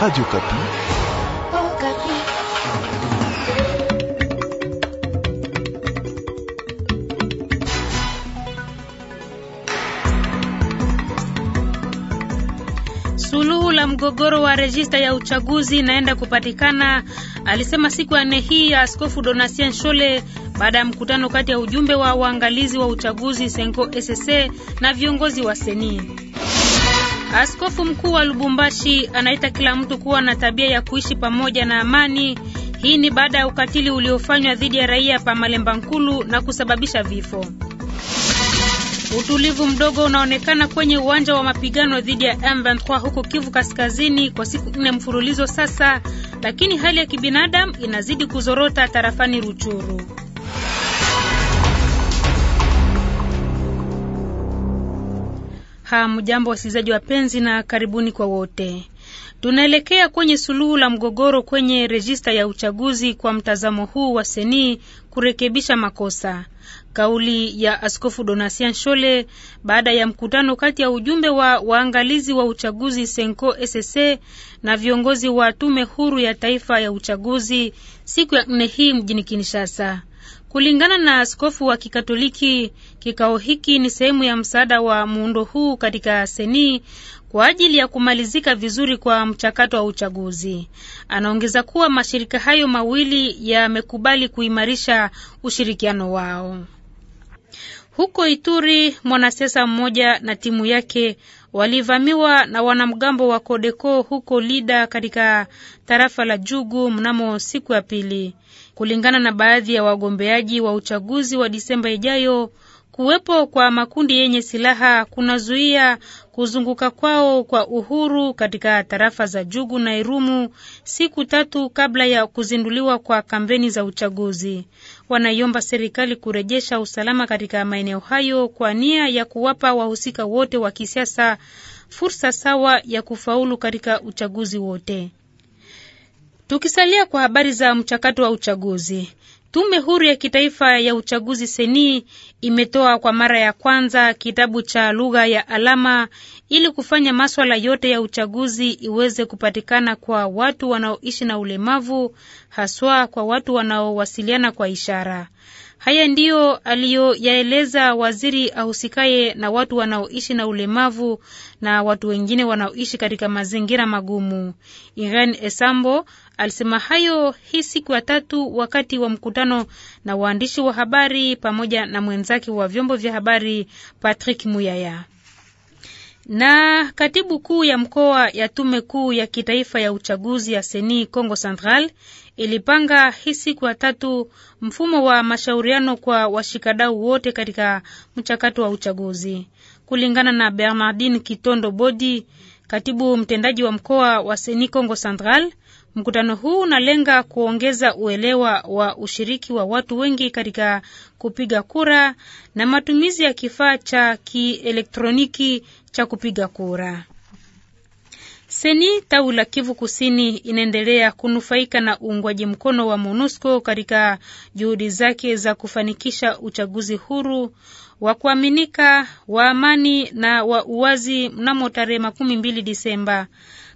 Radio Kapi. Oh, Kapi. Suluhu la mgogoro wa rejista ya uchaguzi inaenda kupatikana, alisema siku ya nne hii ya Askofu Donatien Shole baada ya mkutano kati ya ujumbe wa uangalizi wa uchaguzi Senko SSC na viongozi wa Seni. Askofu mkuu wa Lubumbashi anaita kila mtu kuwa na tabia ya kuishi pamoja na amani. Hii ni baada ya ukatili uliofanywa dhidi ya raia pa Malemba Nkulu na kusababisha vifo. Utulivu mdogo unaonekana kwenye uwanja wa mapigano dhidi ya M23 huko Kivu Kaskazini kwa siku nne mfululizo sasa, lakini hali ya kibinadamu inazidi kuzorota tarafani Ruchuru. Hamjambo wasikilizaji wapenzi, na karibuni kwa wote. Tunaelekea kwenye suluhu la mgogoro kwenye rejista ya uchaguzi kwa mtazamo huu wa Seni kurekebisha makosa. Kauli ya Askofu Donatien Shole baada ya mkutano kati ya ujumbe wa waangalizi wa uchaguzi Senko SSE na viongozi wa tume huru ya taifa ya uchaguzi siku ya nne hii mjini Kinshasa. Kulingana na askofu wa Kikatoliki, kikao hiki ni sehemu ya msaada wa muundo huu katika seni kwa ajili ya kumalizika vizuri kwa mchakato wa uchaguzi. Anaongeza kuwa mashirika hayo mawili yamekubali kuimarisha ushirikiano wao. Huko Ituri, mwanasiasa mmoja na timu yake walivamiwa na wanamgambo wa Kodeko huko Lida katika tarafa la Jugu mnamo siku ya pili. Kulingana na baadhi ya wagombeaji wa uchaguzi wa Disemba ijayo, kuwepo kwa makundi yenye silaha kunazuia kuzunguka kwao kwa uhuru katika tarafa za Jugu na Irumu siku tatu kabla ya kuzinduliwa kwa kampeni za uchaguzi. Wanaiomba serikali kurejesha usalama katika maeneo hayo kwa nia ya kuwapa wahusika wote wa kisiasa fursa sawa ya kufaulu katika uchaguzi wote. Tukisalia kwa habari za mchakato wa uchaguzi, tume huru ya kitaifa ya uchaguzi seni imetoa kwa mara ya kwanza kitabu cha lugha ya alama ili kufanya maswala yote ya uchaguzi iweze kupatikana kwa watu wanaoishi na ulemavu, haswa kwa watu wanaowasiliana kwa ishara. Haya ndiyo aliyoyaeleza waziri ahusikaye na watu wanaoishi na ulemavu na watu wengine wanaoishi katika mazingira magumu. Irene Esambo alisema hayo hii siku ya tatu wakati wa mkutano na waandishi wa habari pamoja na mwenzake wa vyombo vya habari Patrick Muyaya. Na katibu kuu ya mkoa ya tume kuu ya kitaifa ya uchaguzi ya Seni Congo Central ilipanga hii siku ya tatu mfumo wa mashauriano kwa washikadau wote katika mchakato wa uchaguzi. Kulingana na bernardin Kitondo Bodi, katibu mtendaji wa mkoa wa Seni Congo Central, mkutano huu unalenga kuongeza uelewa wa ushiriki wa watu wengi katika kupiga kura na matumizi ya kifaa cha kielektroniki cha kupiga kura. Seni tau la Kivu Kusini inaendelea kunufaika na uungwaji mkono wa MONUSCO katika juhudi zake za kufanikisha uchaguzi huru wa kuaminika wa amani na wa uwazi mnamo tarehe makumi mbili Disemba.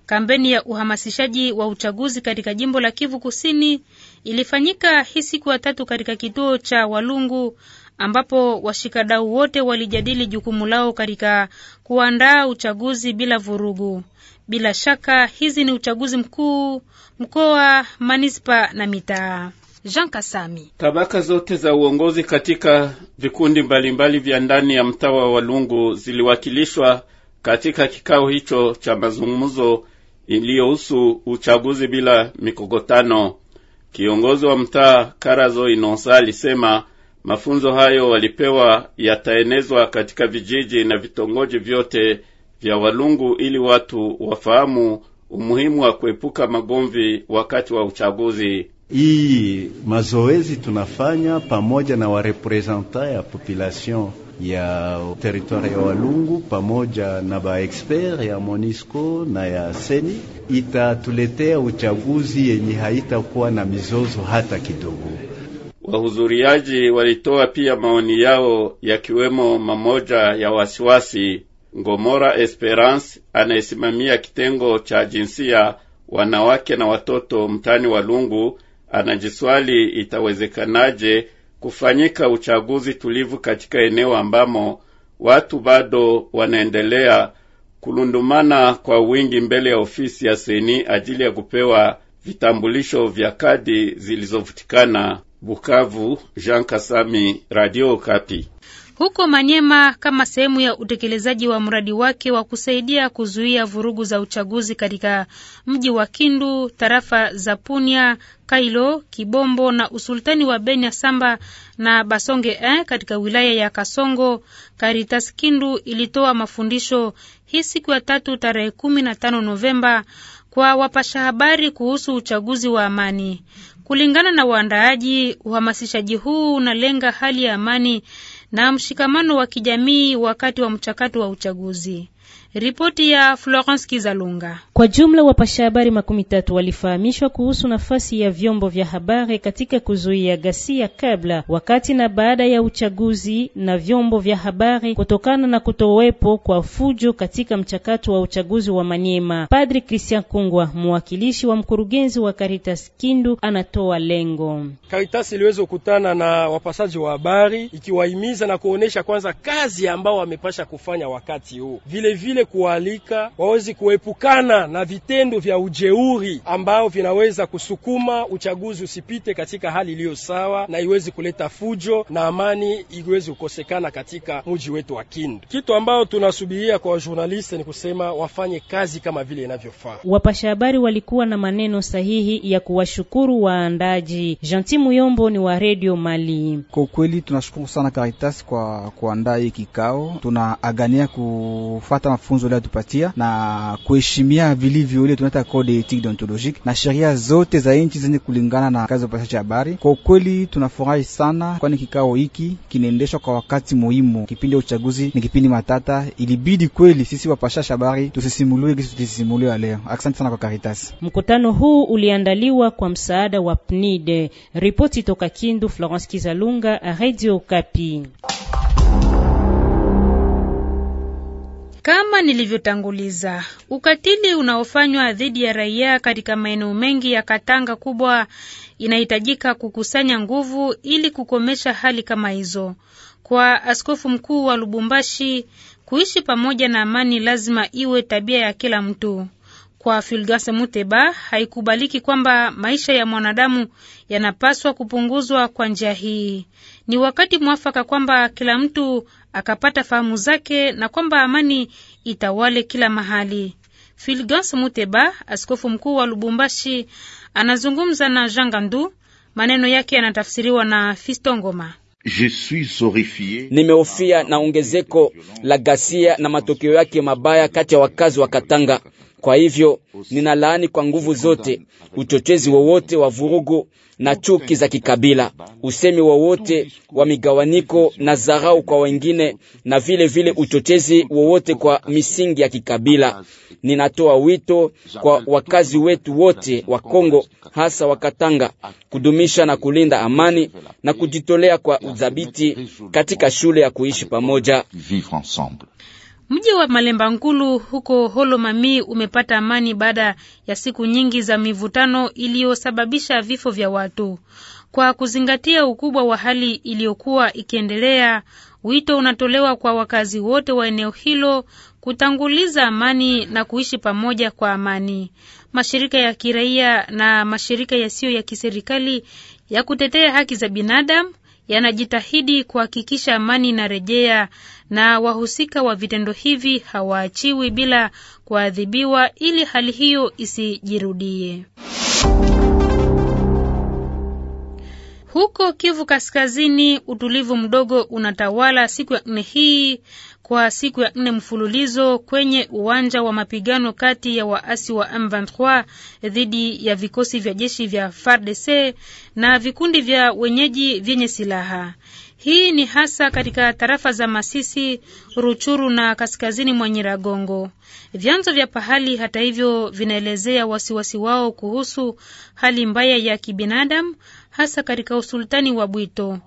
Kampeni ya uhamasishaji wa uchaguzi katika jimbo la Kivu Kusini ilifanyika hii siku ya tatu katika kituo cha Walungu ambapo washikadau wote walijadili jukumu lao katika kuandaa uchaguzi bila vurugu. Bila shaka hizi ni uchaguzi mkuu, mkoa, manispa na mitaa. Jean Kasami. Tabaka zote za uongozi katika vikundi mbalimbali vya ndani ya mtaa wa Walungu ziliwakilishwa katika kikao hicho cha mazungumzo iliyohusu uchaguzi bila mikogotano. Kiongozi wa mtaa Karazo inosa alisema mafunzo hayo walipewa yataenezwa katika vijiji na vitongoji vyote vya Walungu ili watu wafahamu umuhimu wa kuepuka magomvi wakati wa uchaguzi. Hii mazoezi tunafanya pamoja na warepresenta ya population ya teritwari ya Walungu pamoja na baexpert ya Monisco na ya Seni itatuletea uchaguzi yenye haitakuwa na mizozo hata kidogo. Wahudhuriaji walitoa pia maoni yao yakiwemo mamoja ya wasiwasi Ngomora Esperance anayesimamia kitengo cha jinsia wanawake na watoto mtani wa Lungu anajiswali itawezekanaje kufanyika uchaguzi tulivu katika eneo ambamo watu bado wanaendelea kulundumana kwa wingi mbele ya ofisi ya seni ajili ya kupewa vitambulisho vya kadi zilizovutikana. Bukavu, Jean Kasami, Radio Kapi huko Manyema kama sehemu ya utekelezaji wa mradi wake wa kusaidia kuzuia vurugu za uchaguzi katika mji wa Kindu, tarafa za Punia, Kailo, Kibombo na usultani wa Benya Samba na Basonge eh, katika wilaya ya Kasongo, karitas Kindu ilitoa mafundisho hii siku ya tatu tarehe kumi na tano Novemba kwa wapasha habari kuhusu uchaguzi wa amani. Kulingana na waandaaji, uhamasishaji huu unalenga hali ya amani na mshikamano wa kijamii wakati wa mchakato wa uchaguzi. Ripoti ya Florence Kizalunga. Kwa jumla wapasha habari makumi tatu walifahamishwa kuhusu nafasi ya vyombo vya habari katika kuzuia ghasia kabla, wakati na baada ya uchaguzi na vyombo vya habari kutokana na kutowepo kwa fujo katika mchakato wa uchaguzi wa Maniema. Padri Christian Kungwa, mwakilishi wa mkurugenzi wa Caritas Kindu, anatoa lengo. Caritas iliweza kukutana na wapasaji wa habari ikiwahimiza na kuonesha kwanza kazi ambao wamepasha kufanya wakati huu. Vile vile vile kualika wawezi kuepukana na vitendo vya ujeuri ambao vinaweza kusukuma uchaguzi usipite katika hali iliyo sawa na iwezi kuleta fujo na amani iwezi kukosekana katika mji wetu wa Kindu. Kitu ambao tunasubiria kwa wajurnaliste ni kusema wafanye kazi kama vile inavyofaa. Wapasha habari walikuwa na maneno sahihi ya kuwashukuru waandaji. janti Muyombo ni wa Radio Mali. Kwa kweli tunashukuru sana Caritas kwa kuandaa hii kikao, tunaagania kufata mafunzo leo tupatia na kuheshimia vilivyo ile tunaita code ethique deontologique na sheria zote za nchi zenye kulingana na kazi ya upashaji habari. Kwa ukweli tunafurahi sana, kwani kikao hiki kinaendeshwa kwa wakati muhimu. Kipindi ya uchaguzi ni kipindi matata, ilibidi kweli sisi wapashaji habari tusisimulie kisi tulisimulia leo. Asante sana kwa Caritas. Mkutano huu uliandaliwa kwa msaada wa PNID. Ripoti toka Kindu, Florence Kizalunga, Radio Kapi. Kama nilivyotanguliza, ukatili unaofanywa dhidi ya raia katika maeneo mengi ya Katanga kubwa inahitajika kukusanya nguvu ili kukomesha hali kama hizo. Kwa askofu mkuu wa Lubumbashi, kuishi pamoja na amani lazima iwe tabia ya kila mtu. Kwa Fulgase Muteba, haikubaliki kwamba maisha ya mwanadamu yanapaswa kupunguzwa kwa njia hii. Ni wakati mwafaka kwamba kila mtu akapata fahamu zake na kwamba amani itawale kila mahali. Filgans Muteba, askofu mkuu wa Lubumbashi, anazungumza na Gandu. Maneno yake yanatafsiriwa na Fisto Ngoma. Nimehofia na ongezeko la ghasia na matokeo yake mabaya kati ya wakazi wa Katanga. Kwa hivyo ninalaani kwa nguvu zote uchochezi wowote wa vurugu na chuki za kikabila, usemi wowote wa migawaniko na dharau kwa wengine, na vile vile uchochezi wowote kwa misingi ya kikabila. Ninatoa wito kwa wakazi wetu wote wa Kongo, hasa wa Katanga, kudumisha na kulinda amani na kujitolea kwa udhabiti katika shule ya kuishi pamoja. Mji wa Malemba Nkulu huko Holomami umepata amani baada ya siku nyingi za mivutano iliyosababisha vifo vya watu. Kwa kuzingatia ukubwa wa hali iliyokuwa ikiendelea, wito unatolewa kwa wakazi wote wa eneo hilo kutanguliza amani na kuishi pamoja kwa amani. Mashirika ya kiraia na mashirika yasiyo ya kiserikali ya kutetea haki za binadamu yanajitahidi kuhakikisha amani inarejea, na wahusika wa vitendo hivi hawaachiwi bila kuadhibiwa, ili hali hiyo isijirudie. Huko Kivu Kaskazini, utulivu mdogo unatawala siku ya nne hii kwa siku ya nne mfululizo kwenye uwanja wa mapigano kati ya waasi wa M23 dhidi ya vikosi vya jeshi vya FARDC na vikundi vya wenyeji vyenye silaha. Hii ni hasa katika tarafa za Masisi, Ruchuru na kaskazini mwa Nyiragongo. Vyanzo vya pahali, hata hivyo, vinaelezea wasiwasi wao kuhusu hali mbaya ya kibinadamu hasa katika usultani wa Bwito.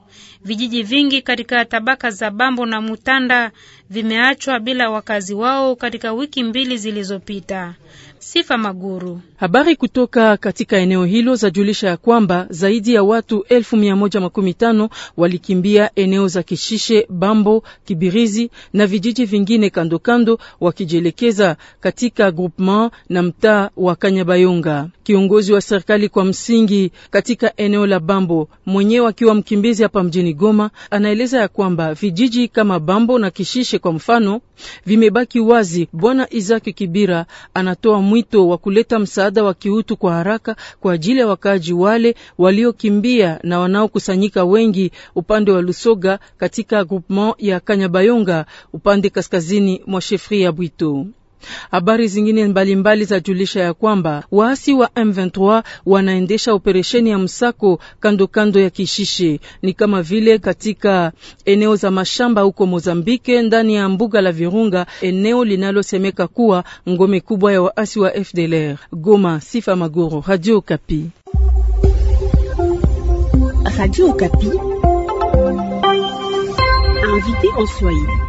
Vijiji vingi katika tabaka za Bambo na Mutanda vimeachwa bila wakazi wao katika wiki mbili zilizopita. Sifa Maguru. Habari kutoka katika eneo hilo zajulisha ya kwamba zaidi ya watu elfu mia moja makumi tano walikimbia eneo za Kishishe, Bambo, Kibirizi na vijiji vingine kandokando kando, wakijielekeza katika groupement na mtaa wa Kanyabayonga. Kiongozi wa serikali kwa msingi katika eneo la Bambo mwenyewe akiwa mkimbizi hapa hapa mjini Goma anaeleza ya kwamba vijiji kama Bambo na Kishishe kwa mfano vimebaki wazi. Bwana Isaki Kibira anatoa mwito wa kuleta msaada wa kiutu kwa haraka kwa ajili ya wakaaji wale waliokimbia na wanaokusanyika wengi upande wa Lusoga katika groupement ya Kanyabayonga upande kaskazini mwa shefri ya Bwito. Habari zingine mbalimbali za julisha ya kwamba waasi wa M23 wanaendesha operesheni ya msako kando kando ya Kishishe, ni kama vile katika eneo za mashamba huko Mozambike, ndani ya mbuga la Virunga, eneo linalosemeka kuwa ngome kubwa ya waasi wa FDLR. Goma, Sifa Magoro, Radio kapi Radio Okapi. Invité en Swahili.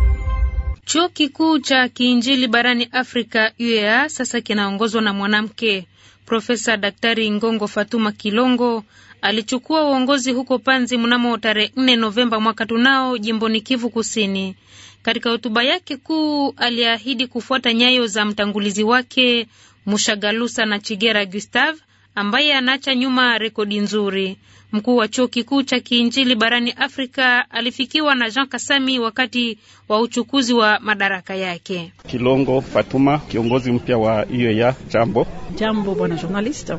Chuo kikuu cha kiinjili barani Afrika UEA sasa kinaongozwa na mwanamke Profesa Daktari Ngongo Fatuma Kilongo alichukua uongozi huko Panzi mnamo tarehe 4 Novemba mwaka tunao jimboni Kivu Kusini. Katika hotuba yake kuu aliahidi kufuata nyayo za mtangulizi wake Mushagalusa na Chigera Gustave ambaye anaacha nyuma rekodi nzuri. Mkuu wa chuo kikuu cha kiinjili barani Afrika alifikiwa na Jean Kasami wakati wa uchukuzi wa madaraka yake. Kilongo Fatuma, kiongozi mpya wa IEA. Jambo jambo, bwana journalist.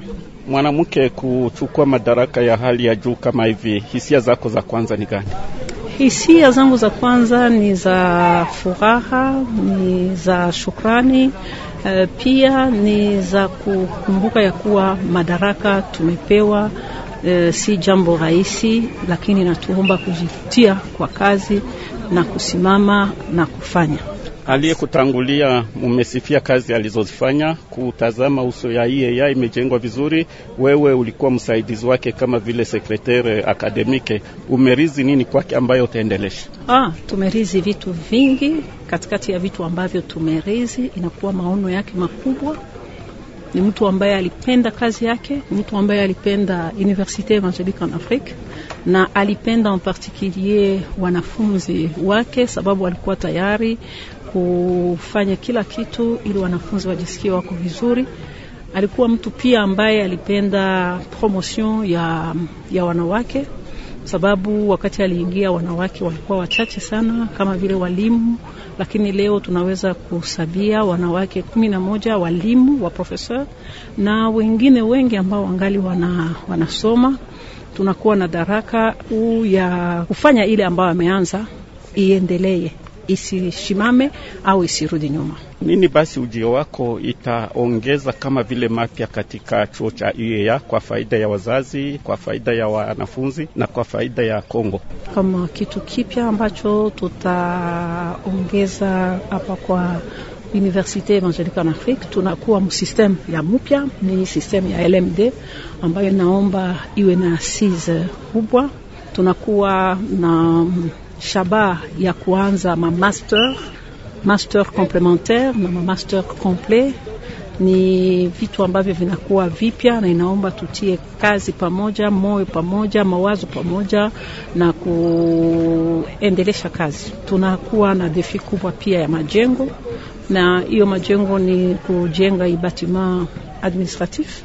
Mwanamke kuchukua madaraka ya hali ya juu kama hivi, hisia zako za kwanza ni gani? Hisia zangu za kwanza ni za furaha, ni za shukrani, eh, pia ni za kukumbuka ya kuwa madaraka tumepewa e, si jambo rahisi, lakini natuomba kujitia kwa kazi na kusimama na kufanya. Aliyekutangulia mumesifia kazi alizozifanya, kutazama uso ya IAEA imejengwa vizuri. Wewe ulikuwa msaidizi wake kama vile sekretere akademike, umerizi nini kwake ambayo utaendelesha? Ah, tumerizi vitu vingi. Katikati ya vitu ambavyo tumerizi inakuwa maono yake makubwa ni mtu ambaye alipenda kazi yake, mtu ambaye alipenda Universite Evangelique en Afrique na alipenda en particulier wanafunzi wake, sababu alikuwa tayari kufanya kila kitu ili wanafunzi wajisikie wako vizuri. Alikuwa mtu pia ambaye alipenda promotion ya, ya wanawake, sababu wakati aliingia wanawake walikuwa wachache sana kama vile walimu lakini leo tunaweza kusabia wanawake kumi na moja walimu wa profesa na wengine wengi ambao wangali wana, wanasoma. Tunakuwa na daraka uu ya kufanya ile ambayo ameanza iendelee isishimame au isirudi nyuma. Nini basi ujio wako itaongeza kama vile mapya katika chuo cha UEA kwa faida ya wazazi, kwa faida ya wanafunzi na kwa faida ya Kongo? Kama kitu kipya ambacho tutaongeza hapa kwa Universite Evangelique en Afrique tunakuwa msistemu ya mupya, ni sistemu ya LMD ambayo inaomba iwe na asize kubwa tunakuwa na shaba ya kuanza mamaster master complementaire na master complet. Ni vitu ambavyo vinakuwa vipya na inaomba tutie kazi pamoja, moyo pamoja, mawazo pamoja na kuendelesha kazi. Tunakuwa na defi kubwa pia ya majengo, na hiyo majengo ni kujenga ibatima administratif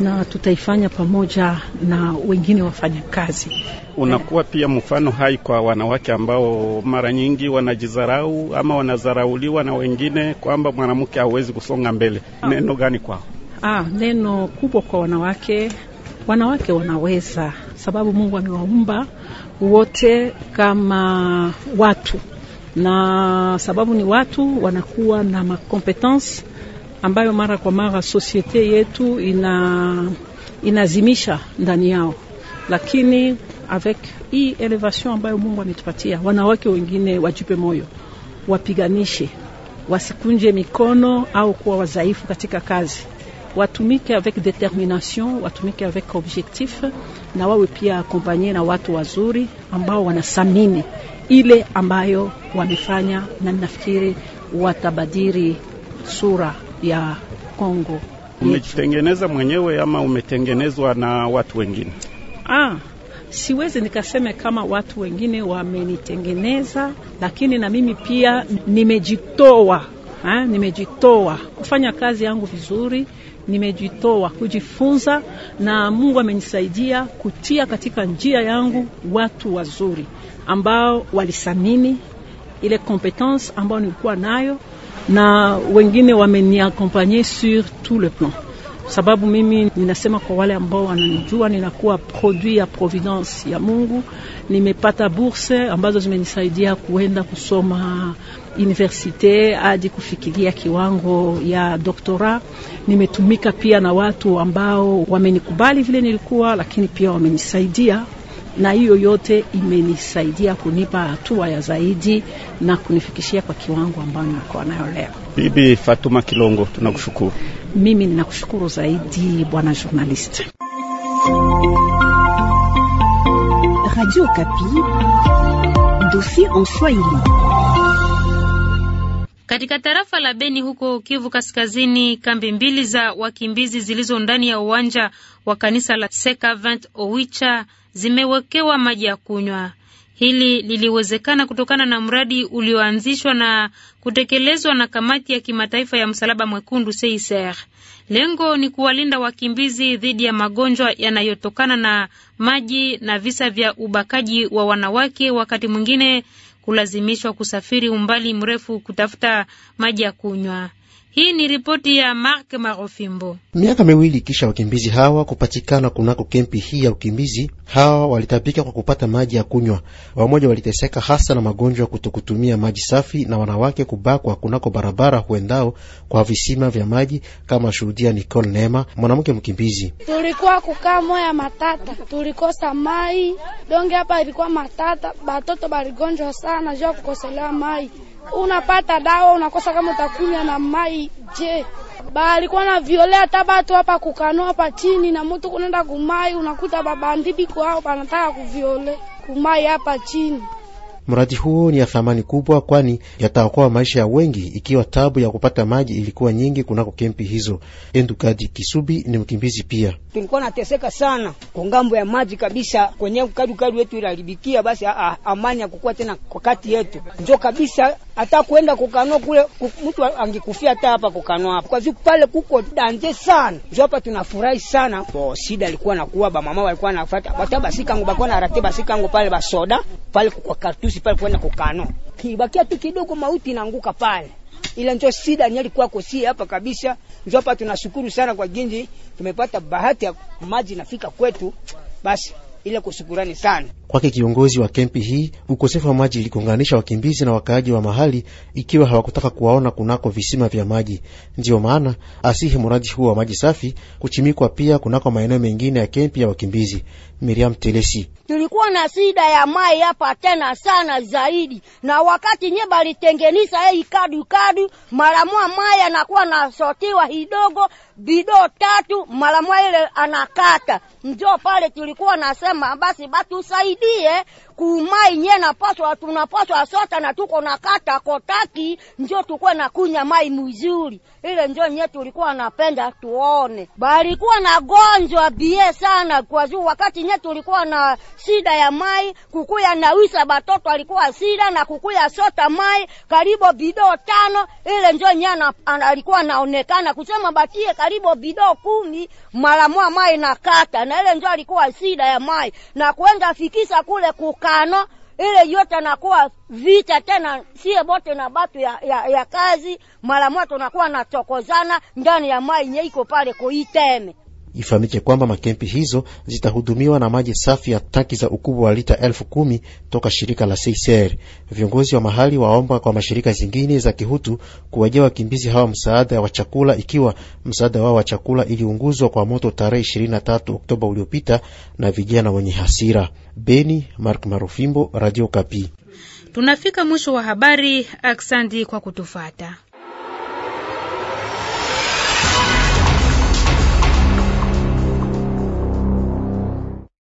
na tutaifanya pamoja na wengine wafanyakazi. Unakuwa pia mfano hai kwa wanawake ambao mara nyingi wanajizarau ama wanazarauliwa na wengine kwamba mwanamke hawezi kusonga mbele. Ah. Neno gani kwao? Ah, neno kubwa kwa wanawake Wanawake wanaweza, sababu Mungu amewaumba wote kama watu, na sababu ni watu, wanakuwa na makompetence ambayo mara kwa mara sosiete yetu ina inazimisha ndani yao, lakini avec hii elevation ambayo Mungu ametupatia, wanawake wengine wajipe moyo, wapiganishe, wasikunje mikono au kuwa wadhaifu katika kazi, watumike avec determination, watumike avec objectif, na wawe pia akompanye na watu wazuri ambao wanasamini ile ambayo wamefanya, na ninafikiri watabadiri sura ya Kongo. Umejitengeneza mwenyewe ama umetengenezwa na watu wengine? Ah, siwezi nikaseme kama watu wengine wamenitengeneza, lakini na mimi pia nimejitoa Ha, nimejitoa kufanya kazi yangu vizuri, nimejitoa kujifunza, na Mungu amenisaidia kutia katika njia yangu watu wazuri ambao walisamini ile competence ambayo nilikuwa nayo na wengine wameniakompanye sur tout le plan, sababu mimi ninasema kwa wale ambao wananijua, ninakuwa produit ya providence ya Mungu. Nimepata burse ambazo zimenisaidia kuenda kusoma universite hadi kufikiria kiwango ya doktora. Nimetumika pia na watu ambao wamenikubali vile nilikuwa, lakini pia wamenisaidia na hiyo yote imenisaidia kunipa hatua ya zaidi na kunifikishia kwa kiwango ambayo niko nayo leo. Bibi Fatuma Kilongo, tunakushukuru. Mimi ninakushukuru zaidi bwana journalist. Radio Kapi, dosi en Swahili. Katika tarafa la Beni huko Kivu Kaskazini, kambi mbili za wakimbizi zilizo ndani ya uwanja wa kanisa la Sekavent Owicha zimewekewa maji ya kunywa. Hili liliwezekana kutokana na mradi ulioanzishwa na kutekelezwa na kamati ya kimataifa ya msalaba mwekundu CICR. Lengo ni kuwalinda wakimbizi dhidi ya magonjwa yanayotokana na maji na visa vya ubakaji wa wanawake, wakati mwingine kulazimishwa kusafiri umbali mrefu kutafuta maji ya kunywa. Hii ni ripoti ya Mark Marofimbo. Miaka miwili kisha wakimbizi hawa kupatikana kunako kempi hii ya ukimbizi, hawa walitabika kwa kupata maji ya kunywa. Wamoja waliteseka hasa na magonjwa kutokutumia maji safi na wanawake kubakwa kunako barabara huendao kwa visima vya maji, kama shuhudia Nicole nema mwanamke mkimbizi. Tulikuwa kukaa moya matata, tulikosa mai donge, hapa ilikuwa matata, batoto baligonjwa sana jua kukoselewa mai unapata dawa unakosa kama utakunywa na mai. Je, balikuwa na violea hata batu hapa kukanoa hapa chini, na mtu kunaenda kumai, unakuta baba ndibiko hao banataka kuviole kumai hapa chini. Mradi huo ni ya thamani kubwa, kwani yataokoa maisha ya wengi, ikiwa tabu ya kupata maji ilikuwa nyingi kunako kempi hizo. Endukadi Kisubi ni mkimbizi pia. Tulikuwa nateseka sana kwa ngambo ya maji kabisa, kwenye kadukadu yetu ilalibikia Basi amani ya kukua tena kwa kati yetu njo kabisa hata kwenda kukanua kule mtu angekufia hata hapa kukanua hapa, kwa sababu pale kuko danje sana. Ndio hapa tunafurahi sana bo sida alikuwa nakuwa ba mama walikuwa nafuata bata basi kangu bakuwa na rate basi kangu pale basoda pale kwa kartusi pale kwenda kukanua, kibakia tu kidogo mauti inaanguka pale ila njo sida ni alikuwa kosi hapa kabisa. Ndio hapa tunashukuru sana kwa ginji, tumepata bahati ya maji nafika kwetu basi ila kushukurani sana kwake kiongozi wa kempi hii. Ukosefu wa maji ilikunganisha wakimbizi na wakaaji wa mahali, ikiwa hawakutaka kuwaona kunako visima vya maji. Ndiyo maana asihi mradi huo wa maji safi kuchimikwa pia kunako maeneo mengine ya kempi ya wakimbizi. Miriam Telesi: tulikuwa na shida ya mai hapa tena sana zaidi, na wakati nye balitengenisa hei kadu kadu, mara moja mai anakuwa nasotiwa hidogo bido tatu mara mwaile anakata njo pale tulikuwa nasema basi batusaidie kumai nye napaswa tunapaswa sota na tuko nakata kotaki njo tukuwe na kunya mai mzuri ile njo nye tulikuwa napenda tuone balikuwa na gonjwa bie sana kwa juu wakati nye tulikuwa na shida ya mai kukuya na wisa batoto alikuwa shida na kukuya sota mai karibu bido tano ile njo nye alikuwa naonekana kusema batie karibu karibu bido kumi mara moja mai na kata, na ile ndio alikuwa shida ya mai na kwenda fikisa kule kukano ile yote nakuwa vita tena, sie bote na batu ya, ya, ya kazi mara moja tunakuwa natokozana ndani ya mai nyeiko pale kuiteme Ifahamike kwamba makempi hizo zitahudumiwa na maji safi ya tanki za ukubwa wa lita elfu kumi toka shirika la CICR. Viongozi wa mahali waomba kwa mashirika zingine za kihutu kuwajia wakimbizi hawa msaada wa chakula, ikiwa msaada wao wa chakula iliunguzwa kwa moto tarehe 23 Oktoba uliopita na vijana wenye hasira. Beni, Mark Marufimbo, Radio Kapi. Tunafika mwisho wa habari. Aksandi kwa kutufata.